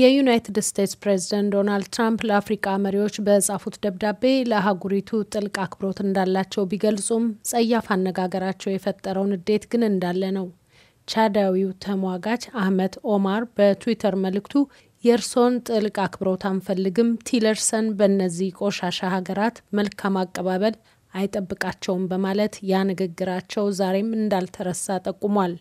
የዩናይትድ ስቴትስ ፕሬዝደንት ዶናልድ ትራምፕ ለአፍሪቃ መሪዎች በጻፉት ደብዳቤ ለአህጉሪቱ ጥልቅ አክብሮት እንዳላቸው ቢገልጹም ጸያፍ አነጋገራቸው የፈጠረውን እዴት ግን እንዳለ ነው። ቻዳዊው ተሟጋች አህመት ኦማር በትዊተር መልእክቱ የእርሶን ጥልቅ አክብሮት አንፈልግም፣ ቲለርሰን በእነዚህ ቆሻሻ ሀገራት መልካም አቀባበል አይጠብቃቸውም በማለት ያ ንግግራቸው ዛሬም እንዳልተረሳ ጠቁሟል።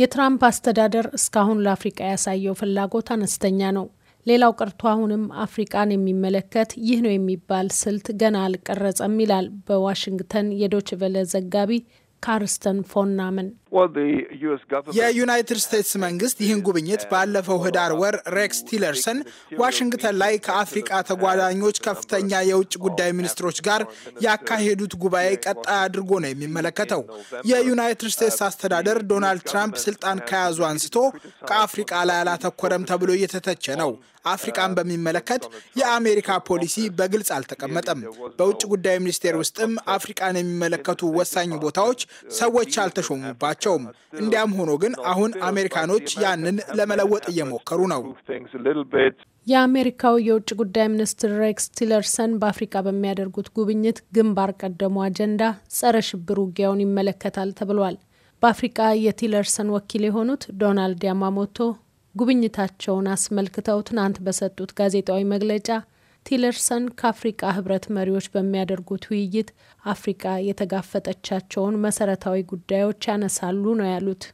የትራምፕ አስተዳደር እስካሁን ለአፍሪቃ ያሳየው ፍላጎት አነስተኛ ነው። ሌላው ቀርቶ አሁንም አፍሪቃን የሚመለከት ይህ ነው የሚባል ስልት ገና አልቀረጸም ይላል በዋሽንግተን የዶችቨለ ዘጋቢ ካርስተን ፎን የዩናይትድ ስቴትስ መንግስት ይህን ጉብኝት uh, ባለፈው ህዳር ወር ሬክስ ቲለርሰን ዋሽንግተን ላይ ከአፍሪቃ uh, ተጓዳኞች ከፍተኛ የውጭ ጉዳይ ሚኒስትሮች ጋር uh, ያካሄዱት ጉባኤ ቀጣይ አድርጎ ነው የሚመለከተው። የዩናይትድ ስቴትስ አስተዳደር ዶናልድ ትራምፕ ስልጣን ከያዙ አንስቶ ከአፍሪቃ ላይ አላተኮረም ተብሎ እየተተቸ ነው። አፍሪቃን በሚመለከት የአሜሪካ ፖሊሲ በግልጽ አልተቀመጠም። በውጭ ጉዳይ ሚኒስቴር ውስጥም አፍሪቃን የሚመለከቱ ወሳኝ ቦታዎች ሰዎች አልተሾሙባቸው የላቸውም። እንዲያም ሆኖ ግን አሁን አሜሪካኖች ያንን ለመለወጥ እየሞከሩ ነው። የአሜሪካው የውጭ ጉዳይ ሚኒስትር ሬክስ ቲለርሰን በአፍሪካ በሚያደርጉት ጉብኝት ግንባር ቀደሙ አጀንዳ ጸረ ሽብር ውጊያውን ይመለከታል ተብሏል። በአፍሪቃ የቲለርሰን ወኪል የሆኑት ዶናልድ ያማሞቶ ጉብኝታቸውን አስመልክተው ትናንት በሰጡት ጋዜጣዊ መግለጫ ቲለርሰን ከአፍሪቃ ህብረት መሪዎች በሚያደርጉት ውይይት አፍሪቃ የተጋፈጠቻቸውን መሰረታዊ ጉዳዮች ያነሳሉ ነው ያሉት።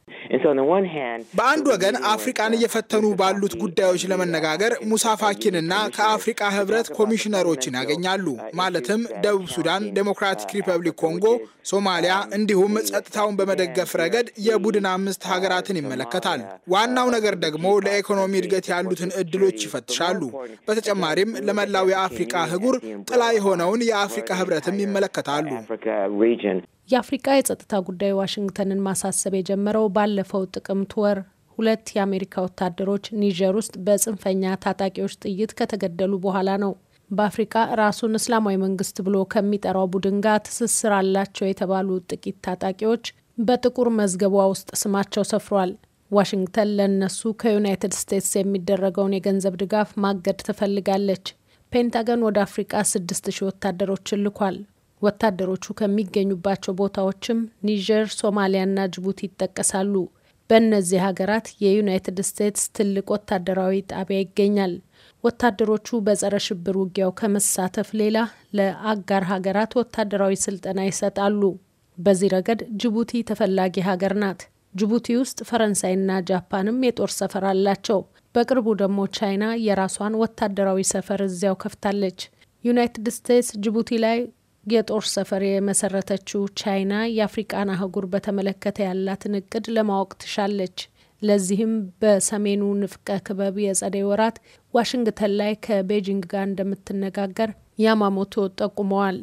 በአንድ ወገን አፍሪቃን እየፈተኑ ባሉት ጉዳዮች ለመነጋገር ሙሳፋኪንና ከአፍሪቃ ህብረት ኮሚሽነሮችን ያገኛሉ። ማለትም ደቡብ ሱዳን፣ ዴሞክራቲክ ሪፐብሊክ ኮንጎ፣ ሶማሊያ እንዲሁም ጸጥታውን በመደገፍ ረገድ የቡድን አምስት ሀገራትን ይመለከታል። ዋናው ነገር ደግሞ ለኢኮኖሚ እድገት ያሉትን እድሎች ይፈትሻሉ። በተጨማሪም ለመላ ለመላው የአፍሪቃ ህጉር ጥላ የሆነውን የአፍሪቃ ህብረትም ይመለከታሉ። የአፍሪቃ የጸጥታ ጉዳይ ዋሽንግተንን ማሳሰብ የጀመረው ባለፈው ጥቅምት ወር ሁለት የአሜሪካ ወታደሮች ኒጀር ውስጥ በጽንፈኛ ታጣቂዎች ጥይት ከተገደሉ በኋላ ነው። በአፍሪቃ ራሱን እስላማዊ መንግስት ብሎ ከሚጠራው ቡድን ጋር ትስስር አላቸው የተባሉ ጥቂት ታጣቂዎች በጥቁር መዝገቧ ውስጥ ስማቸው ሰፍሯል። ዋሽንግተን ለእነሱ ከዩናይትድ ስቴትስ የሚደረገውን የገንዘብ ድጋፍ ማገድ ትፈልጋለች። ፔንታገን ወደ አፍሪቃ ስድስት ሺህ ወታደሮችን ልኳል። ወታደሮቹ ከሚገኙባቸው ቦታዎችም ኒጀር፣ ሶማሊያና ጅቡቲ ይጠቀሳሉ። በእነዚህ ሀገራት የዩናይትድ ስቴትስ ትልቅ ወታደራዊ ጣቢያ ይገኛል። ወታደሮቹ በጸረ ሽብር ውጊያው ከመሳተፍ ሌላ ለአጋር ሀገራት ወታደራዊ ስልጠና ይሰጣሉ። በዚህ ረገድ ጅቡቲ ተፈላጊ ሀገር ናት። ጅቡቲ ውስጥ ፈረንሳይና ጃፓንም የጦር ሰፈር አላቸው። በቅርቡ ደግሞ ቻይና የራሷን ወታደራዊ ሰፈር እዚያው ከፍታለች። ዩናይትድ ስቴትስ ጅቡቲ ላይ የጦር ሰፈር የመሰረተችው ቻይና የአፍሪቃን አህጉር በተመለከተ ያላትን እቅድ ለማወቅ ትሻለች። ለዚህም በሰሜኑ ንፍቀ ክበብ የጸደይ ወራት ዋሽንግተን ላይ ከቤጂንግ ጋር እንደምትነጋገር ያማሞቶ ጠቁመዋል።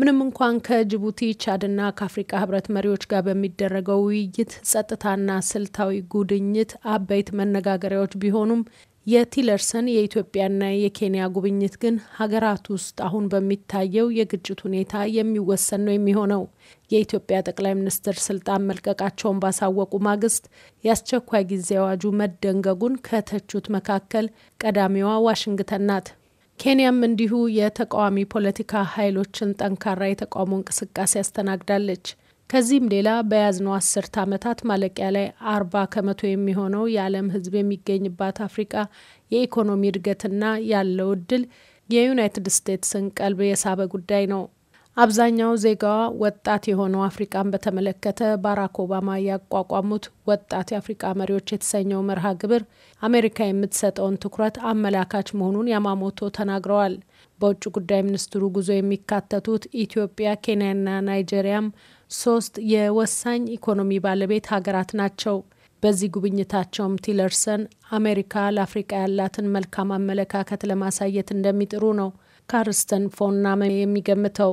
ምንም እንኳን ከጅቡቲ ቻድና ከአፍሪካ ህብረት መሪዎች ጋር በሚደረገው ውይይት ጸጥታና ስልታዊ ጉድኝት አበይት መነጋገሪያዎች ቢሆኑም የቲለርሰን የኢትዮጵያና የኬንያ ጉብኝት ግን ሀገራት ውስጥ አሁን በሚታየው የግጭት ሁኔታ የሚወሰን ነው የሚሆነው። የኢትዮጵያ ጠቅላይ ሚኒስትር ስልጣን መልቀቃቸውን ባሳወቁ ማግስት የአስቸኳይ ጊዜ አዋጁ መደንገጉን ከተቹት መካከል ቀዳሚዋ ዋሽንግተን ናት። ኬንያም እንዲሁ የተቃዋሚ ፖለቲካ ኃይሎችን ጠንካራ የተቃውሞ እንቅስቃሴ አስተናግዳለች። ከዚህም ሌላ በያዝነው አስርት ዓመታት ማለቂያ ላይ አርባ ከመቶ የሚሆነው የዓለም ሕዝብ የሚገኝባት አፍሪቃ የኢኮኖሚ እድገትና ያለው እድል የዩናይትድ ስቴትስን ቀልብ የሳበ ጉዳይ ነው። አብዛኛው ዜጋዋ ወጣት የሆነው አፍሪቃን በተመለከተ ባራክ ኦባማ ያቋቋሙት ወጣት የአፍሪቃ መሪዎች የተሰኘው መርሃ ግብር አሜሪካ የምትሰጠውን ትኩረት አመላካች መሆኑን ያማሞቶ ተናግረዋል። በውጭ ጉዳይ ሚኒስትሩ ጉዞ የሚካተቱት ኢትዮጵያ፣ ኬንያና ናይጄሪያም ሶስት የወሳኝ ኢኮኖሚ ባለቤት ሀገራት ናቸው። በዚህ ጉብኝታቸውም ቲለርሰን አሜሪካ ለአፍሪቃ ያላትን መልካም አመለካከት ለማሳየት እንደሚጥሩ ነው ካርስተን ናመ የሚገምተው።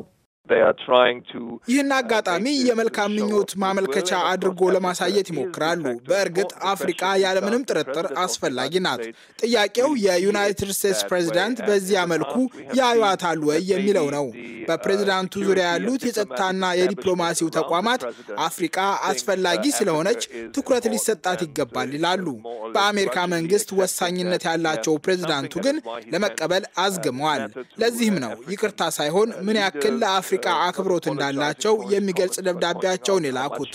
ይህን uh, አጋጣሚ የመልካም ምኞት ማመልከቻ አድርጎ ለማሳየት ይሞክራሉ። በእርግጥ አፍሪቃ ያለምንም ጥርጥር አስፈላጊ ናት። ጥያቄው የዩናይትድ ስቴትስ ፕሬዚዳንት በዚያ መልኩ ያዩዋታል ወይ የሚለው ነው። uh, በፕሬዚዳንቱ ዙሪያ ያሉት የጸጥታና የዲፕሎማሲው ተቋማት አፍሪቃ uh, አስፈላጊ ስለሆነች ትኩረት ሊሰጣት ይገባል ይላሉ። በአሜሪካ መንግስት ወሳኝነት ያላቸው ፕሬዚዳንቱ ግን ለመቀበል አዝግመዋል። ለዚህም ነው ይቅርታ ሳይሆን ምን ያክል ለአፍሪ ለአፍሪቃ አክብሮት እንዳላቸው የሚገልጽ ደብዳቤያቸውን የላኩት